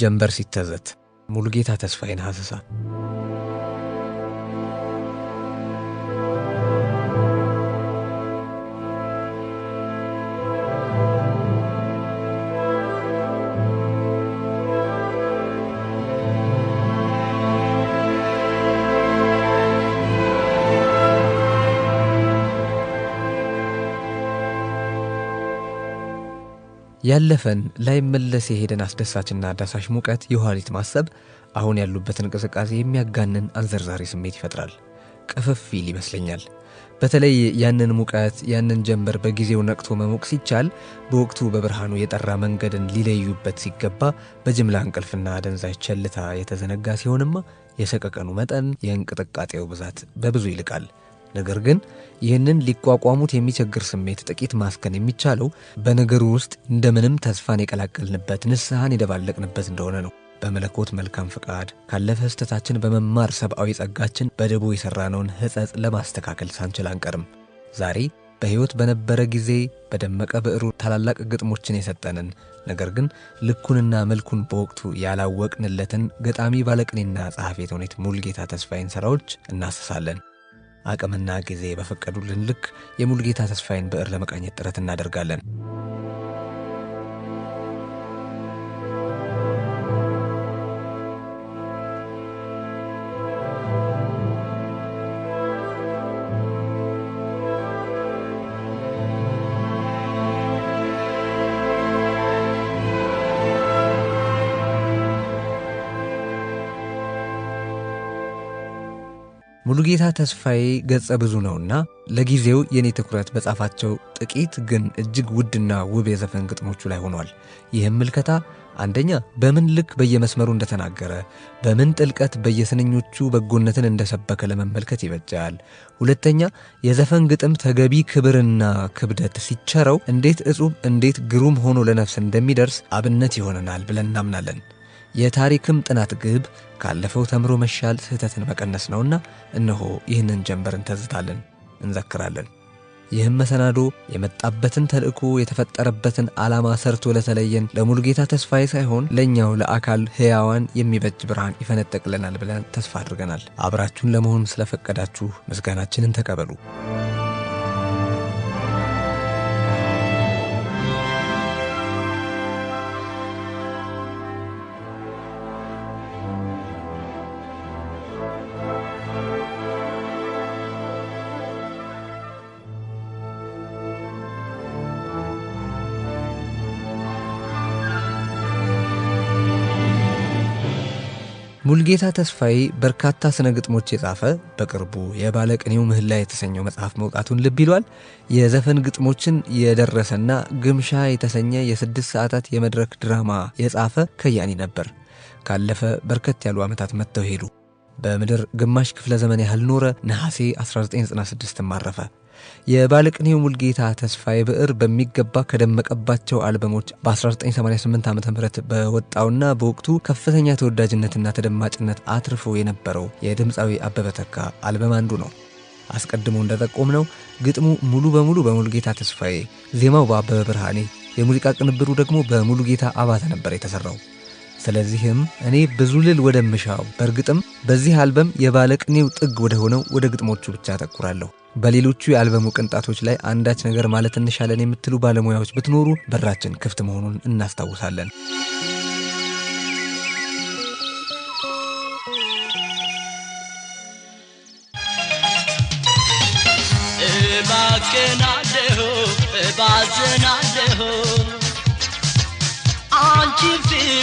ጀንበር ሲተዘት ሙሉጌታ ተስፋዬን ሐሰሳ ያለፈን ላይመለስ የሄደን አስደሳችና አዳሳሽ ሙቀት የኋሊት ማሰብ አሁን ያሉበትን እንቅስቃሴ የሚያጋንን አንዘርዛሪ ስሜት ይፈጥራል። ቅፍፍ ይል ይመስለኛል። በተለይ ያንን ሙቀት ያንን ጀንበር በጊዜው ነቅቶ መሞቅ ሲቻል በወቅቱ በብርሃኑ የጠራ መንገድን ሊለዩበት ሲገባ በጅምላ እንቅልፍና አደንዛዥ ቸልታ የተዘነጋ ሲሆንማ የሰቀቀኑ መጠን የእንቅጥቃጤው ብዛት በብዙ ይልቃል። ነገር ግን ይህንን ሊቋቋሙት የሚቸግር ስሜት ጥቂት ማስከን የሚቻለው በነገሩ ውስጥ እንደምንም ተስፋን የቀላቀልንበት ንስሐን የደባለቅንበት እንደሆነ ነው። በመለኮት መልካም ፍቃድ ካለፈ ስህተታችን በመማር ሰብአዊ ጸጋችን በደቦ የሠራነውን ሕጸጽ ለማስተካከል ሳንችል አንቀርም። ዛሬ በሕይወት በነበረ ጊዜ በደመቀ ብዕሩ ታላላቅ ግጥሞችን የሰጠንን ነገር ግን ልኩንና መልኩን በወቅቱ ያላወቅንለትን ገጣሚ ባለቅኔና ጸሐፌ ተውኔት ሙልጌታ ተስፋዬን ሥራዎች እናስሳለን። አቅምና ጊዜ በፈቀዱልን ልክ የሙሉጌታ ተስፋዬን ብዕር ለመቃኘት ጥረት እናደርጋለን። ሙሉጌታ ተስፋዬ ገጸ ብዙ ነውና ለጊዜው የኔ ትኩረት በጻፋቸው ጥቂት ግን እጅግ ውድና ውብ የዘፈን ግጥሞቹ ላይ ሆኗል። ይህም ምልከታ አንደኛ በምን ልክ በየመስመሩ እንደተናገረ፣ በምን ጥልቀት በየስንኞቹ በጎነትን እንደሰበከ ለመመልከት ይበጃል። ሁለተኛ የዘፈን ግጥም ተገቢ ክብርና ክብደት ሲቸረው እንዴት እጹብ እንዴት ግሩም ሆኖ ለነፍስ እንደሚደርስ አብነት ይሆነናል ብለን እናምናለን። የታሪክም ጥናት ግብ ካለፈው ተምሮ መሻል ስህተትን መቀነስ ነውና እነሆ ይህንን ጀንበር እንተዝታለን፣ እንዘክራለን። ይህም መሰናዶ የመጣበትን ተልእኮ የተፈጠረበትን ዓላማ ሰርቶ ለተለየን ለሙልጌታ ተስፋዬ ሳይሆን ለእኛው ለአካል ሕያዋን የሚበጅ ብርሃን ይፈነጠቅልናል ብለን ተስፋ አድርገናል። አብራችሁን ለመሆን ስለፈቀዳችሁ ምስጋናችንን ተቀበሉ። ሙልጌታ ተስፋዬ በርካታ ስነ ግጥሞች የጻፈ በቅርቡ የባለቅኔው ምህላ የተሰኘው መጽሐፍ መውጣቱን ልብ ይሏል። የዘፈን ግጥሞችን የደረሰና ግምሻ የተሰኘ የስድስት ሰዓታት የመድረክ ድራማ የጻፈ ከያኒ ነበር። ካለፈ በርከት ያሉ ዓመታት መጥተው ሄዱ። በምድር ግማሽ ክፍለ ዘመን ያህል ኖረ። ነሐሴ 1996 ማረፈ። የባለቅኔው ሙልጌታ ተስፋዬ ብዕር በሚገባ ከደመቀባቸው አልበሞች በ1988 ዓ ም በወጣውና በወቅቱ ከፍተኛ ተወዳጅነትና ተደማጭነት አትርፎ የነበረው የድምፃዊ አበበ ተካ አልበም አንዱ ነው። አስቀድሞ እንደጠቆም ነው ግጥሙ ሙሉ በሙሉ በሙልጌታ ተስፋዬ፣ ዜማው በአበበ ብርሃኔ፣ የሙዚቃ ቅንብሩ ደግሞ በሙሉጌታ አባተ ነበር የተሰራው። ስለዚህም እኔ ብዙ ልል ወደምሻው በእርግጥም በዚህ አልበም የባለቅኔው ጥግ ወደ ሆነው ወደ ግጥሞቹ ብቻ አተኩራለሁ። በሌሎቹ የአልበሙ ቅንጣቶች ላይ አንዳች ነገር ማለት እንሻለን የምትሉ ባለሙያዎች ብትኖሩ በራችን ክፍት መሆኑን እናስታውሳለን። እባክናለሁ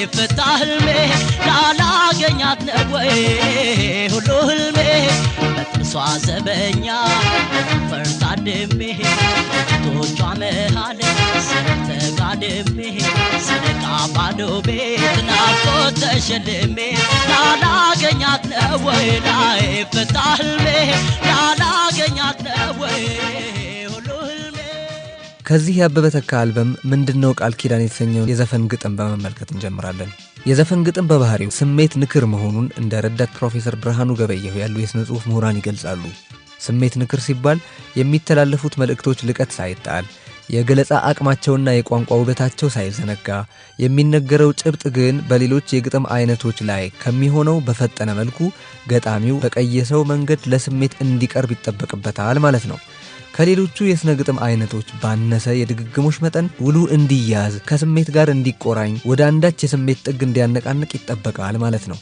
የፈታ ህልሜ ላላገኛት ነው ወይ ሁሉ ህልሜ በጥርሷ ዘበኛ ፈርታ ደሜ ቶቿ መሃል ስርተጋ ደሜ ሰደቃ ባዶ ቤት ናፍቆት ተሸልሜ ላላገኛት ነው ላይ ፈታ ህልሜ ላላገኛት ነው ከዚህ የአበበ ተካ አልበም ምንድነው ቃል ኪዳን የተሰኘውን የዘፈን ግጥም በመመልከት እንጀምራለን። የዘፈን ግጥም በባህሪው ስሜት ንክር መሆኑን እንደ ረዳት ፕሮፌሰር ብርሃኑ ገበየሁ ያሉ የሥነ ጽሑፍ ምሁራን ይገልጻሉ። ስሜት ንክር ሲባል የሚተላለፉት መልእክቶች ልቀት ሳይጣል የገለጻ አቅማቸውና የቋንቋ ውበታቸው ሳይዘነጋ የሚነገረው ጭብጥ ግን በሌሎች የግጥም አይነቶች ላይ ከሚሆነው በፈጠነ መልኩ ገጣሚው በቀየሰው መንገድ ለስሜት እንዲቀርብ ይጠበቅበታል ማለት ነው። ከሌሎቹ የስነ ግጥም አይነቶች ባነሰ የድግግሞሽ መጠን ውሉ እንዲያዝ ከስሜት ጋር እንዲቆራኝ ወደ አንዳች የስሜት ጥግ እንዲያነቃንቅ ይጠበቃል ማለት ነው።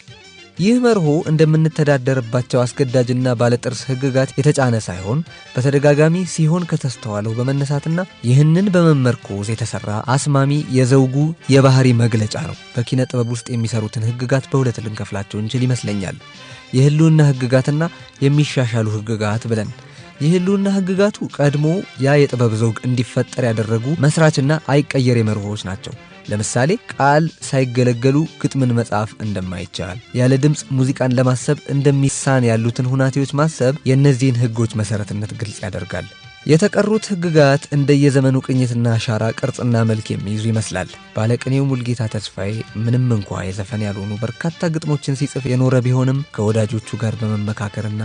ይህ መርሆ እንደምንተዳደርባቸው አስገዳጅና ባለጥርስ ሕግጋት የተጫነ ሳይሆን በተደጋጋሚ ሲሆን ከተስተዋለው በመነሳትና ይህንን በመመርኮዝ የተሰራ አስማሚ የዘውጉ የባህሪ መግለጫ ነው። በኪነ ጥበብ ውስጥ የሚሰሩትን ሕግጋት በሁለት ልንከፍላቸው እንችል ይመስለኛል። የህልውና ሕግጋትና የሚሻሻሉ ሕግጋት ብለን የህልውና ህግጋቱ ቀድሞ ያ የጥበብ ዘውግ እንዲፈጠር ያደረጉ መስራችና አይቀየር መርሆዎች ናቸው። ለምሳሌ ቃል ሳይገለገሉ ግጥምን መጻፍ እንደማይቻል፣ ያለ ድምፅ ሙዚቃን ለማሰብ እንደሚሳን ያሉትን ሁናቴዎች ማሰብ የእነዚህን ህጎች መሰረትነት ግልጽ ያደርጋል። የተቀሩት ህግጋት እንደየዘመኑ ቅኝትና አሻራ ቅርጽና መልክ የሚይዙ ይመስላል። ባለቅኔው ሙልጌታ ተስፋዬ ምንም እንኳ የዘፈን ያልሆኑ በርካታ ግጥሞችን ሲጽፍ የኖረ ቢሆንም ከወዳጆቹ ጋር በመመካከርና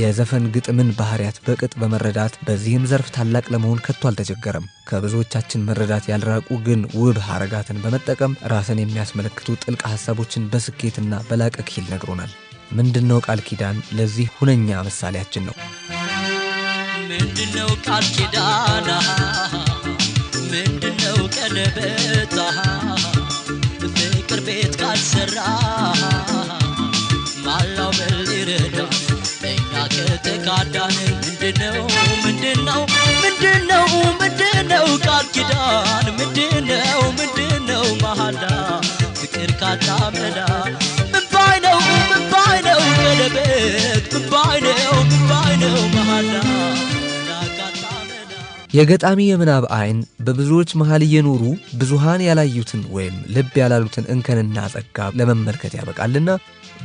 የዘፈን ግጥምን ባህሪያት በቅጥ በመረዳት በዚህም ዘርፍ ታላቅ ለመሆን ከቶ አልተቸገረም። ከብዙዎቻችን መረዳት ያልራቁ ግን ውብ አረጋትን በመጠቀም ራስን የሚያስመለክቱ ጥልቅ ሀሳቦችን በስኬትና በላቀ ኪል ነግሮናል። ምንድነው ቃል ኪዳን ለዚህ ሁነኛ ምሳሌያችን ነው። ምንድነው ቃል ኪዳና ምንድነው ቀለበታ ፍቅር ቤት ካልሰራ ማላው በል ይረዳ እኛ ከተካዳን ምንድነው ምንድነው ምንድነው ምንድነው ቃል ኪዳን ምንድነው ምንድነው መሃላ ፍቅር ካጣመላ ምን ባይ ነው ቀለበት ምን ባይ ነው መሃላ የገጣሚ የምናብ አይን በብዙዎች መሃል እየኖሩ ብዙሃን ያላዩትን ወይም ልብ ያላሉትን እንከንና ጸጋ ለመመልከት ያበቃልና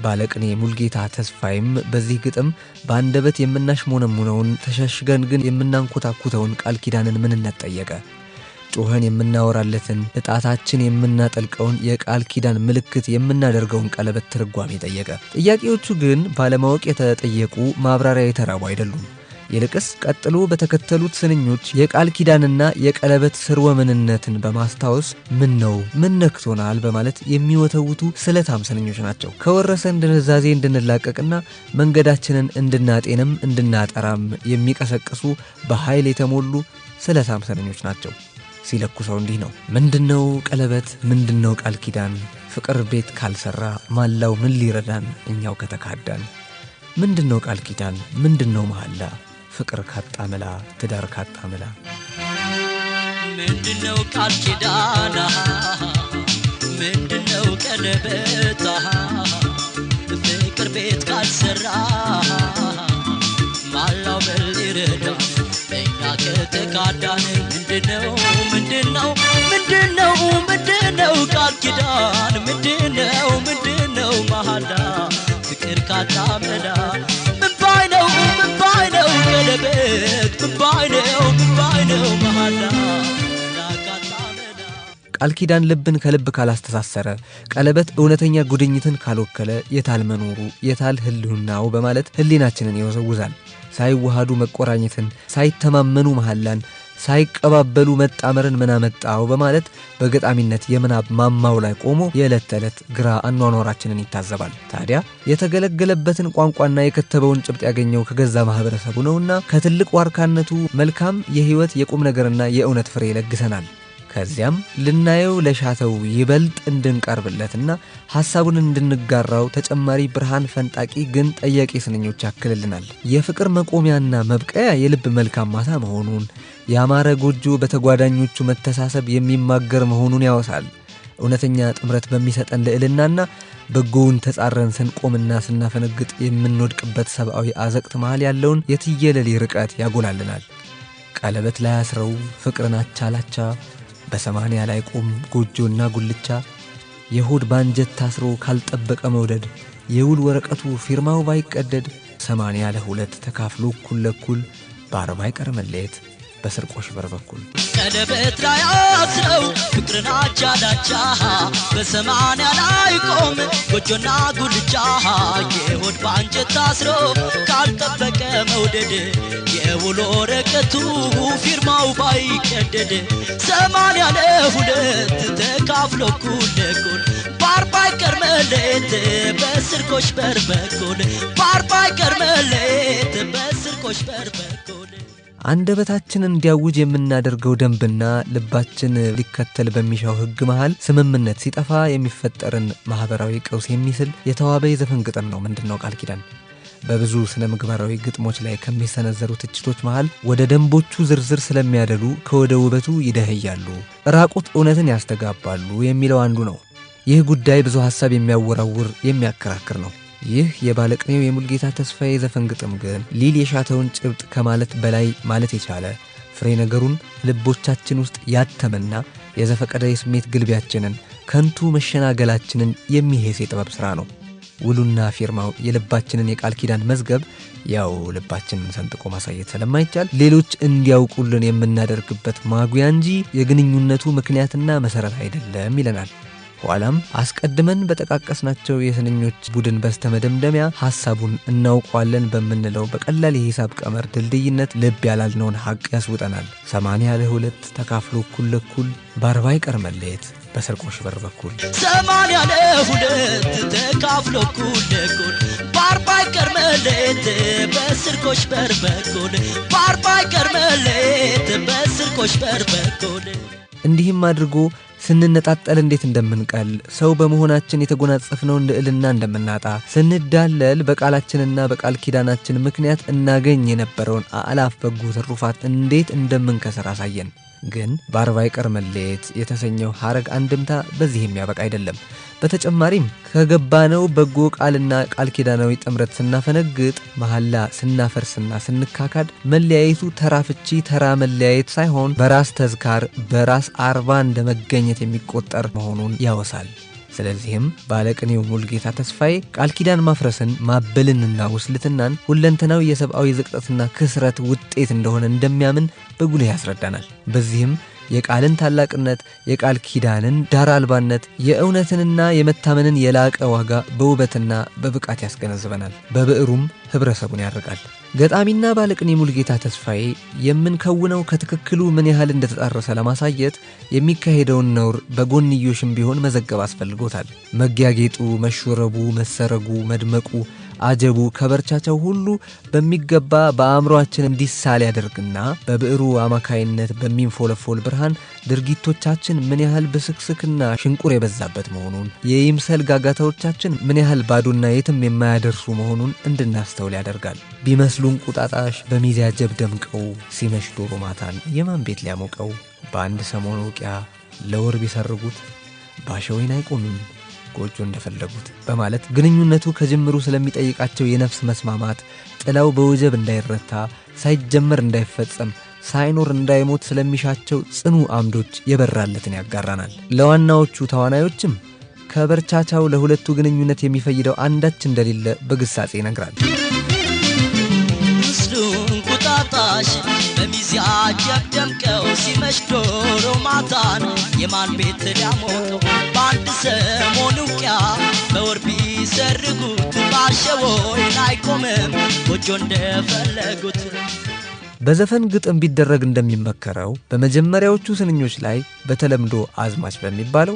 ባለቅኔ ሙልጌታ ተስፋይም በዚህ ግጥም በአንደበት የምናሽሞነሙነውን ተሸሽገን ግን የምናንኮታኩተውን ቃል ኪዳንን ምንነት ጠየቀ። ጩኸን የምናወራለትን እጣታችን የምናጠልቀውን የቃል ኪዳን ምልክት የምናደርገውን ቀለበት ትርጓሜ ጠየቀ። ጥያቄዎቹ ግን ባለማወቅ የተጠየቁ ማብራሪያ የተራቡ አይደሉም። ይልቅስ ቀጥሎ በተከተሉት ስንኞች የቃል ኪዳንና የቀለበት ስርወመንነትን በማስታወስ ምን ነው ምን ነክቶናል በማለት የሚወተውቱ ስለታም ስንኞች ናቸው። ከወረሰን ድንዛዜ እንድንላቀቅና መንገዳችንን እንድናጤንም እንድናጠራም የሚቀሰቅሱ በኃይል የተሞሉ ስለታም ስንኞች ናቸው። ሲለኩሰው እንዲህ ነው። ምንድነው ቀለበት? ምንድነው ቃል ኪዳን? ፍቅር ቤት ካልሰራ ማላው ምን ሊረዳን እኛው ከተካዳን? ምንድነው ቃል ኪዳን? ምንድነው መሐላ ፍቅር ካጣምላ ትዳር ካጣምላ ምንድነው ቃል ኪዳና ምንድነው ቀለበታ ፍቅር ቤት ካልሰራ ማላው በል በኛ በእኛ ከተካዳን ምንድነው ምንድነው ምንድነው ምንድነው ቃል ኪዳን ቃል ኪዳን ልብን ከልብ ካላስተሳሰረ፣ ቀለበት እውነተኛ ጉድኝትን ካልወከለ የታል መኖሩ የታል ህልውናው በማለት ህሊናችንን ይወዘውዛል። ሳይዋሃዱ መቆራኘትን፣ ሳይተማመኑ መሐላን ሳይቀባበሉ መጣመርን ምናመጣው በማለት በገጣሚነት የምናብ ማማው ላይ ቆሞ የዕለት ተዕለት ግራ አኗኗራችንን ይታዘባል። ታዲያ የተገለገለበትን ቋንቋና የከተበውን ጭብጥ ያገኘው ከገዛ ማህበረሰቡ ነውና ከትልቅ ዋርካነቱ መልካም የህይወት የቁም ነገርና የእውነት ፍሬ ለግሰናል። ከዚያም ልናየው ለሻተው ይበልጥ እንድንቀርብለትና ሐሳቡን እንድንጋራው ተጨማሪ ብርሃን ፈንጣቂ ግን ጠያቂ ስንኞች ያክልልናል። የፍቅር መቆሚያና መብቀያ የልብ መልካም ማታ መሆኑን የአማረ ጎጆ በተጓዳኞቹ መተሳሰብ የሚማገር መሆኑን ያወሳል። እውነተኛ ጥምረት በሚሰጠን ልዕልናና በጎውን ተጻረን ስንቆምና ስናፈነግጥ የምንወድቅበት ሰብአዊ አዘቅት መሃል ያለውን የትየለሌ ርቀት ያጎላልናል። ቀለበት ላይ አስረው ፍቅርን አቻላቻ በሰማንያ ላይ ቆም ጎጆና ጉልቻ የሆድ ባንጀት ታስሮ ካልጠበቀ መውደድ የውል ወረቀቱ ፊርማው ባይቀደድ ሰማንያ ለሁለት ተካፍሎ እኩል ለኩል በአርባ አይቀር መለየት በስርቆሽ በር በኩል ቀለበት ላይ አስረው ፍቅርን አቻ ዳቻ በሰማንያ ላይ ቆም ጎጆና ጉልቻ የሆድ በአንጀት ታስሮ ካልጠበቀ መውደድ የውሎ ወረቀቱ ፊርማው ባይቀደድ ሰማንያ ለሁለት ተካፍሎ እኩል ለእኩል በአርባ ቀርመለት መለየት በስርቆሽ በር በኩል በአርባ ይቀር በስርቆሽ በር በኩል አንደበታችን እንዲያውጅ የምናደርገው ደንብና ልባችን ሊከተል በሚሻው ሕግ መሃል ስምምነት ሲጠፋ የሚፈጠርን ማኅበራዊ ቀውስ የሚስል የተዋበ የዘፈን ግጥም ነው። ምንድን ነው ቃል ኪዳን? በብዙ ስነ ምግባራዊ ግጥሞች ላይ ከሚሰነዘሩ ትችቶች መሃል ወደ ደንቦቹ ዝርዝር ስለሚያደሉ ከወደ ውበቱ ይደህያሉ፣ ራቁት እውነትን ያስተጋባሉ የሚለው አንዱ ነው። ይህ ጉዳይ ብዙ ሐሳብ የሚያወራውር የሚያከራክር ነው። ይህ የባለቅኔው የሙልጌታ ተስፋዬ ዘፈን ግጥም ግን ሊል የሻተውን ጭብጥ ከማለት በላይ ማለት የቻለ ፍሬ ነገሩን ልቦቻችን ውስጥ ያተመና የዘፈቀደ የስሜት ግልቢያችንን ከንቱ መሸናገላችንን የሚሄስ የጥበብ ሥራ ነው። ውሉና ፊርማው የልባችንን የቃል ኪዳን መዝገብ ያው ልባችንን ሰንጥቆ ማሳየት ስለማይቻል ሌሎች እንዲያውቁልን የምናደርግበት ማጉያ እንጂ የግንኙነቱ ምክንያትና መሠረት አይደለም ይለናል። ኋላም አስቀድመን በጠቃቀስናቸው የስንኞች ቡድን በስተመደምደሚያ ሀሳቡን እናውቋለን በምንለው በቀላል የሂሳብ ቀመር ድልድይነት ልብ ያላልነውን ሀቅ ያስውጠናል። ሰማንያ ለሁለት ተካፍሎ እኩል ለእኩል በአርባ ይቀር መለየት በሰርቆሽ በር በኩል ሰማንያ ለሁለት ተካፍሎ እኩል ለእኩል በአርባ ይቀር መለየት በስርቆሽ በር በኩል በአርባ ይቀር መለየት በስርቆሽ በር በኩል እንዲህም አድርጎ ስንነጣጠል እንዴት እንደምንቀል፣ ሰው በመሆናችን የተጎናጸፍነውን ልዕልና እንደምናጣ፣ ስንዳለል በቃላችንና በቃል ኪዳናችን ምክንያት እናገኝ የነበረውን አእላፍ በጎ ትሩፋት እንዴት እንደምንከስር አሳየን። ግን በአርባ ይቀር መለየት የተሰኘው ሐረግ አንድምታ በዚህ የሚያበቃ አይደለም። በተጨማሪም ከገባነው በጎ ቃልና ቃል ኪዳናዊ ጥምረት ስናፈነግጥ፣ መሐላ ስናፈርስና ስንካካድ መለያየቱ ተራ ፍቺ፣ ተራ መለያየት ሳይሆን በራስ ተዝካር በራስ አርባ እንደ መገኘት የሚቆጠር መሆኑን ያወሳል። ስለዚህም ባለቅኔው ሙልጌታ ተስፋዬ ቃል ኪዳን ማፍረስን ማበልንና ውስልትናን ሁለንተናዊ የሰብአዊ ዝቅጠትና ክስረት ውጤት እንደሆነ እንደሚያምን በጉልህ ያስረዳናል። በዚህም የቃልን ታላቅነት፣ የቃል ኪዳንን ዳር አልባነት፣ የእውነትንና የመታመንን የላቀ ዋጋ በውበትና በብቃት ያስገነዝበናል። በብዕሩም ህብረተሰቡን ያደርጋል። ገጣሚና ባለቅኔ ሙልጌታ ተስፋዬ የምንከውነው ከትክክሉ ምን ያህል እንደተጣረሰ ለማሳየት የሚካሄደውን ነውር በጎንዮሽም ቢሆን መዘገብ አስፈልጎታል። መጊያጌጡ፣ መሾረቡ፣ መሰረጉ፣ መድመቁ አጀቡ ከበርቻቸው ሁሉ በሚገባ በአእምሮአችን እንዲሳል ያደርግና በብዕሩ አማካይነት በሚንፎለፎል ብርሃን ድርጊቶቻችን ምን ያህል ብስክስክና ሽንቁር የበዛበት መሆኑን የይምሰል ጋጋታዎቻችን ምን ያህል ባዶና የትም የማያደርሱ መሆኑን እንድናስተውል ያደርጋል። ቢመስሉን ቁጣጣሽ በሚዜ አጀብ ደምቀው ሲመሽ ዶሮ ማታን የማን ቤት ሊያሞቀው በአንድ ሰሞን ውቅያ ለወር ቢሰርጉት ባሸወይን አይቆምም። ጎጆ እንደፈለጉት በማለት ግንኙነቱ ከጅምሩ ስለሚጠይቃቸው የነፍስ መስማማት ጥላው በወጀብ እንዳይረታ ሳይጀመር እንዳይፈጸም ሳይኖር እንዳይሞት ስለሚሻቸው ጽኑ አምዶች የበራለትን ያጋራናል። ለዋናዎቹ ተዋናዮችም ከበርቻቻው ለሁለቱ ግንኙነት የሚፈይደው አንዳች እንደሌለ በግሳጼ ይነግራል። ምስሉ እንቁጣጣሽ በሚዚያጅ ደምቀው ሲመሽ ዶሮ ማታን የማን ቤት ሊያሞቀው አይቆምም ጎጆ እንደፈለጉት በዘፈን ግጥም ቢደረግ እንደሚመከረው በመጀመሪያዎቹ ስንኞች ላይ በተለምዶ አዝማች በሚባለው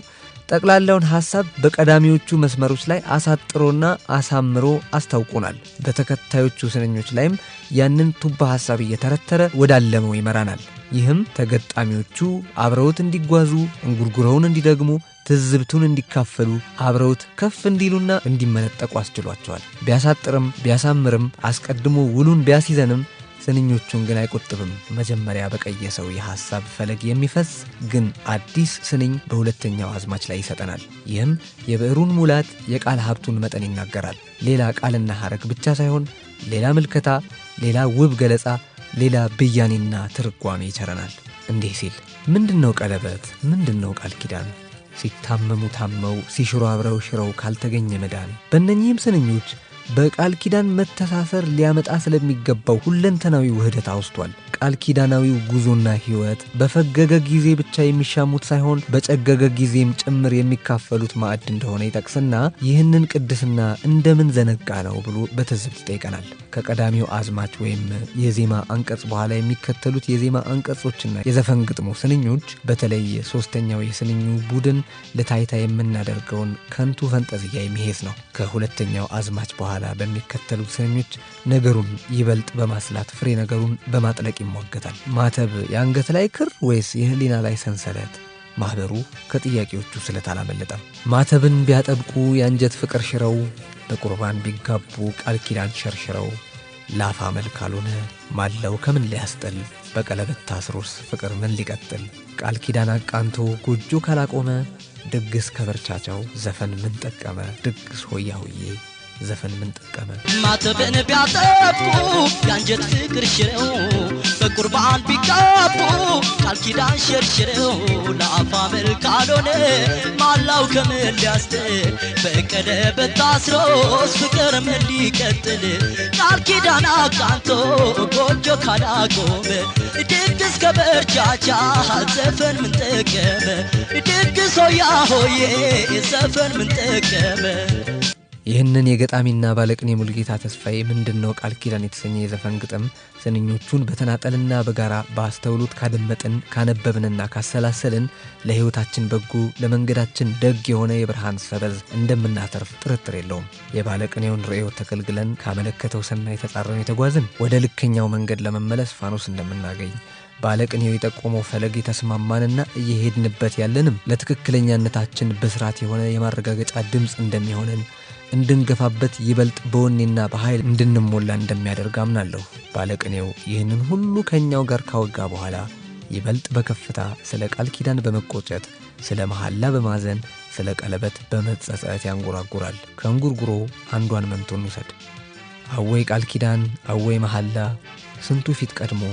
ጠቅላላውን ሐሳብ በቀዳሚዎቹ መስመሮች ላይ አሳጥሮና አሳምሮ አስታውቆናል። በተከታዮቹ ስንኞች ላይም ያንን ቱባ ሐሳብ እየተረተረ ወዳለመው ይመራናል። ይህም ተገጣሚዎቹ አብረውት እንዲጓዙ እንጉርጉረውን እንዲደግሙ ትዝብቱን እንዲካፈሉ አብረውት ከፍ እንዲሉና እንዲመነጠቁ አስችሏቸዋል። ቢያሳጥርም ቢያሳምርም አስቀድሞ ውሉን ቢያስይዘንም ስንኞቹን ግን አይቆጥብም። መጀመሪያ በቀየሰው የሐሳብ ፈለግ የሚፈስ ግን አዲስ ስንኝ በሁለተኛው አዝማች ላይ ይሰጠናል። ይህም የብዕሩን ሙላት፣ የቃል ሀብቱን መጠን ይናገራል። ሌላ ቃልና ሐረግ ብቻ ሳይሆን ሌላ ምልከታ፣ ሌላ ውብ ገለጻ፣ ሌላ ብያኔና ትርጓሜ ይቸረናል። እንዲህ ሲል ምንድን ነው ቀለበት? ምንድን ነው ቃል ኪዳን? ሲታመሙ ታመው ሲሽሮ አብረው ሽረው ካልተገኘ መዳን። በእነኚህም ስንኞች በቃል ኪዳን መተሳሰር ሊያመጣ ስለሚገባው ሁለንተናዊ ውህደት አውስቷል። ቃል ኪዳናዊው ጉዞና ሕይወት በፈገገ ጊዜ ብቻ የሚሻሙት ሳይሆን በጨገገ ጊዜም ጭምር የሚካፈሉት ማዕድ እንደሆነ ይጠቅስና ይህንን ቅድስና እንደምን ዘነጋ ነው ብሎ በትዝብት ይጠይቀናል። ከቀዳሚው አዝማች ወይም የዜማ አንቀጽ በኋላ የሚከተሉት የዜማ አንቀጾችና የዘፈን ግጥሞ ስንኞች በተለይ ሶስተኛው የስንኙ ቡድን ለታይታ የምናደርገውን ከንቱ ፈንጠዝያ የሚሄድ ነው። ከሁለተኛው አዝማች በኋላ በሚከተሉት ስንኞች ነገሩን ይበልጥ በማስላት ፍሬ ነገሩን በማጥለቅ ይሟገታል። ማተብ የአንገት ላይ ክር ወይስ የህሊና ላይ ሰንሰለት? ማኅበሩ ከጥያቄዎቹ ስለት አላመለጠም። ማተብን ቢያጠብቁ የአንጀት ፍቅር ሽረው በቁርባን ቢጋቡ ቃል ኪዳን ሸርሽረው ላፋ መልካሉን ማለው ከምን ሊያስጥል በቀለበት ታስሮስ ፍቅር ምን ሊቀጥል ቃል ኪዳን አቃንቶ ጎጆ ካላቆመ ድግስ ከበርቻቸው ዘፈን ምን ጠቀመ ድግስ ሆያ ሆዬ ዘፈን ምን ጠቀመ ማተብን ቢያጠብቁ የአንጀት ፍቅር ሽረው በጸጉር በዓል ቢጋቡ ቃል ኪዳን ሸርሽረው ለአፋ መልክ ማላው ከምን ሊያስጥል በቀደ በታስሮስ ፍቅር ምን ሊቀጥል ቃል ኪዳን አቃንቶ ጎጆ ካላቆመ ድግስ ከበርቻቻ ዘፈን ምን ጠቀመ ድግስ ሆያ ሆዬ ዘፈን ምን ጠቀመ ይህንን የገጣሚና ባለቅኔ ሙልጌታ ተስፋዬ ምንድን ነው ቃል ኪዳን የተሰኘ የዘፈን ግጥም ስንኞቹን በተናጠልና በጋራ በአስተውሎት ካደመጥን ካነበብንና ካሰላሰልን ለሕይወታችን በጎ ለመንገዳችን ደግ የሆነ የብርሃን ሰበዝ እንደምናተርፍ ጥርጥር የለውም። የባለቅኔውን ርዕዮት ተገልግለን ካመለከተው ሰናይ ተጻረን የተጓዝን ወደ ልከኛው መንገድ ለመመለስ ፋኖስ እንደምናገኝ ባለቅኔው የጠቆመው ፈለግ የተስማማንና እየሄድንበት ያለንም ለትክክለኛነታችን ብስራት የሆነ የማረጋገጫ ድምፅ እንደሚሆንን እንድንገፋበት ይበልጥ በወኔና በኃይል እንድንሞላ እንደሚያደርግ አምናለሁ። ባለቅኔው ይህንን ሁሉ ከእኛው ጋር ካወጋ በኋላ ይበልጥ በከፍታ ስለ ቃል ኪዳን በመቆጨት ስለ መሐላ በማዘን ስለ ቀለበት በመጸጸት ያንጎራጉራል። ከእንጉርጉሮ አንዷን መንቶ እንውሰድ። አወይ ቃል ኪዳን አወይ መሐላ፣ ስንቱ ፊት ቀድሞ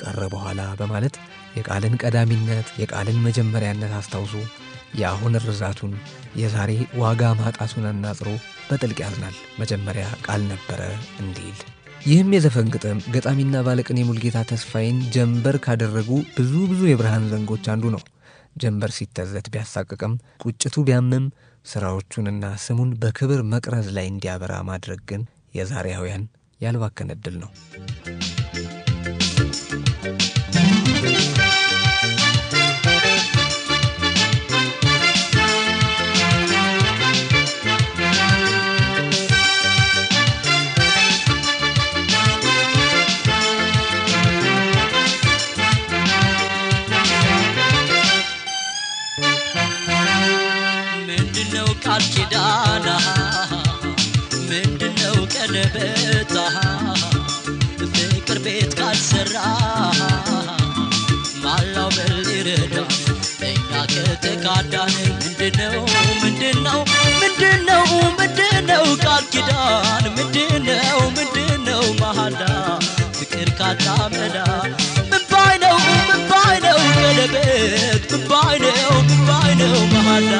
ቀረ በኋላ በማለት የቃልን ቀዳሚነት የቃልን መጀመሪያነት አስታውሶ የአሁን ርዛቱን? የዛሬ ዋጋ ማጣቱን አናጽሮ በጥልቅ ያዝናል። መጀመሪያ ቃል ነበረ እንዲል ይህም የዘፈን ግጥም ገጣሚና ባለቅኔ ሙልጌታ ተስፋዬን ጀንበር ካደረጉ ብዙ ብዙ የብርሃን ዘንጎች አንዱ ነው። ጀንበር ሲተዘት ቢያሳቅቅም፣ ቁጭቱ ቢያምም ስራዎቹንና ስሙን በክብር መቅረዝ ላይ እንዲያበራ ማድረግ ግን የዛሬያውያን ያልባከነ እድል ነው። ቃል ኪዳና ምንድነው ቀለበታ ፍቅር ቤት ካልሰራ ማላው ምን ይረዳ እኛ ከተካዳን ምንድነው ምንድነው ምንድነው ምንድነው ቃል ኪዳን ምንድነው ምንድነው መሃላ ፍቅር ካጣመላ ምባይነው ምባይነው ቀለበት ምባይነው ምባይነው መሃላ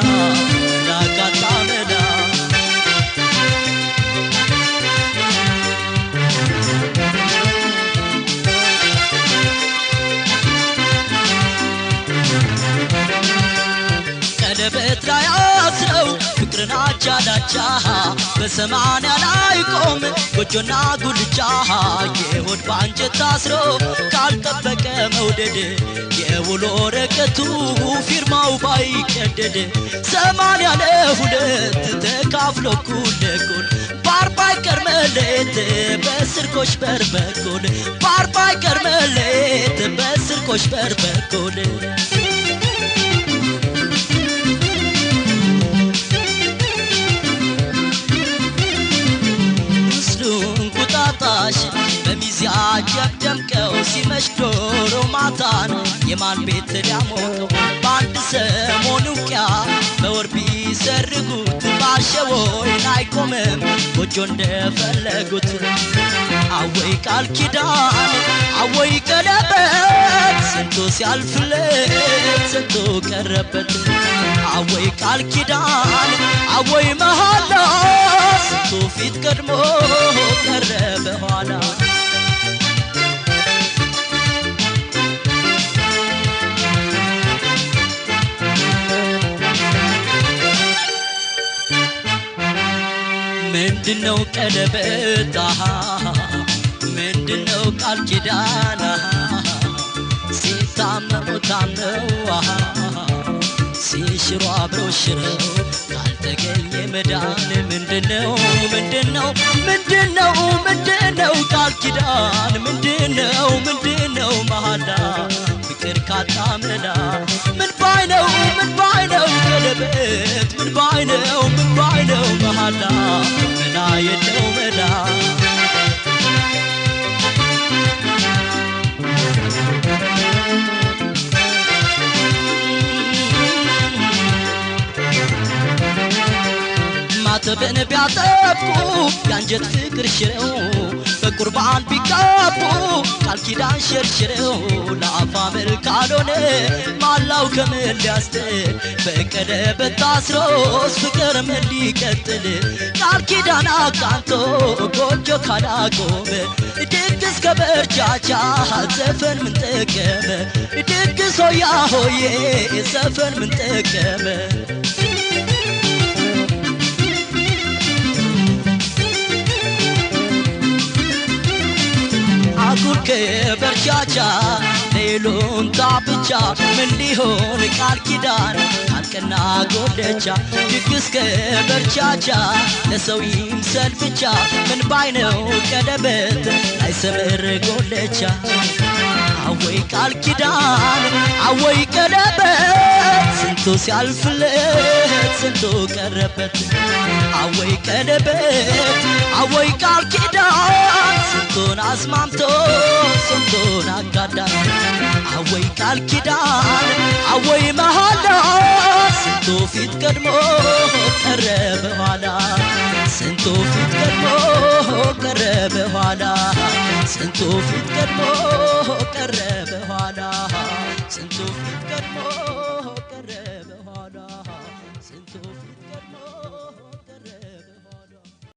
ቀለበት ላይ አስረው ፍቅርን አቻ ዳቻ በሰማንያ ላይ ቆም ጎጆና ጉልቻ የሆድ በአንጀት ታስሮ ካልጠበቀ መውደድ የውሎ ወረቀቱ ፊርማው ባይቀደድ ሰማንያ ለሁለት ተካፍሎ እኩል ለእኩል በአርባ ይቀር መለየት በስርቆሽ በር በኩል በአርባ ይቀር በስርቆሽ በር በኩል Ashi. ሲያጀብ ደምቀው ሲመሽ ዶሮ ማታ ነው የማን ቤት ዳሞቀው በአንድ ሰሞን ውቅያ በወር ቢሰርጉት ባሸወይን አይቆምም ጎጆ እንደፈለጉት አወይ ቃል ኪዳን አወይ ቀለበት ስንቱ ሲያልፍለት ስንቱ ቀረበት አወይ ቃል ኪዳን አወይ መሃላ ስንቱ ፊት ቀድሞ ቀረ በኋላ ምንድነው ቀለበጣ ምንድነው ቃል ኪዳና ሲታመሩ ታምነው ሲሽሩ አብረው ሽረው መዳን ምንድነው ምንድነው ምንድነው ምንድነው ቃል ኪዳን ምንድነው ምንድነው መሃላ ፍቅር ካጣ መላ ምን ባይነው ምን ባይነው ቀለበት ምን ባይነው ምን ባይነው መሃላ መላ የለው መላ ተበን ቢያጠፉ የአንጀት ፍቅር ሽረው በቁርባን ቢጋቡ ቃል ኪዳን ሸርሽረው ለአፋ መልካልሆነ ማላው ከምን ሊያስጥል በቀደ በታስሮስ ፍቅር ምን ሊቀጥል ቃል ኪዳን አቃንቶ ጎጆ ካላቆመ ድግስ ከበርቻቻ ዘፈን ምን ጠቀመ ድግስ ሆያ ሆዬ ዘፈን ምን ጠቀመ ከበርሻቻ ሌሎን ጣብቻ ምን ሊሆን ቃል ኪዳን አልቅና ጎደቻ ድግስ ከበርቻቻ ለሰውም ሰልብቻ ምን ባይነው ቀለበት ላይ ሰምር አወይ ቃል ኪዳን አወይ ቀለበት እሱ ሲያልፍለት ስንቱ ቀረበት አወይ ቀለበት አወይ ቃል ኪዳን ስንቱን አስማምቶ ስንቱን አጋዳ አወይ ቃል ኪዳን አወይ መሃላ ስንቱ ፊት ቀድሞ ቀረ በኋላ ስንቱ ፊት ቀድሞ ቀረ በኋላ ስንቱ ፊት ቀድሞ ቀረ በኋላ ስንቱ ፊት ቀድሞ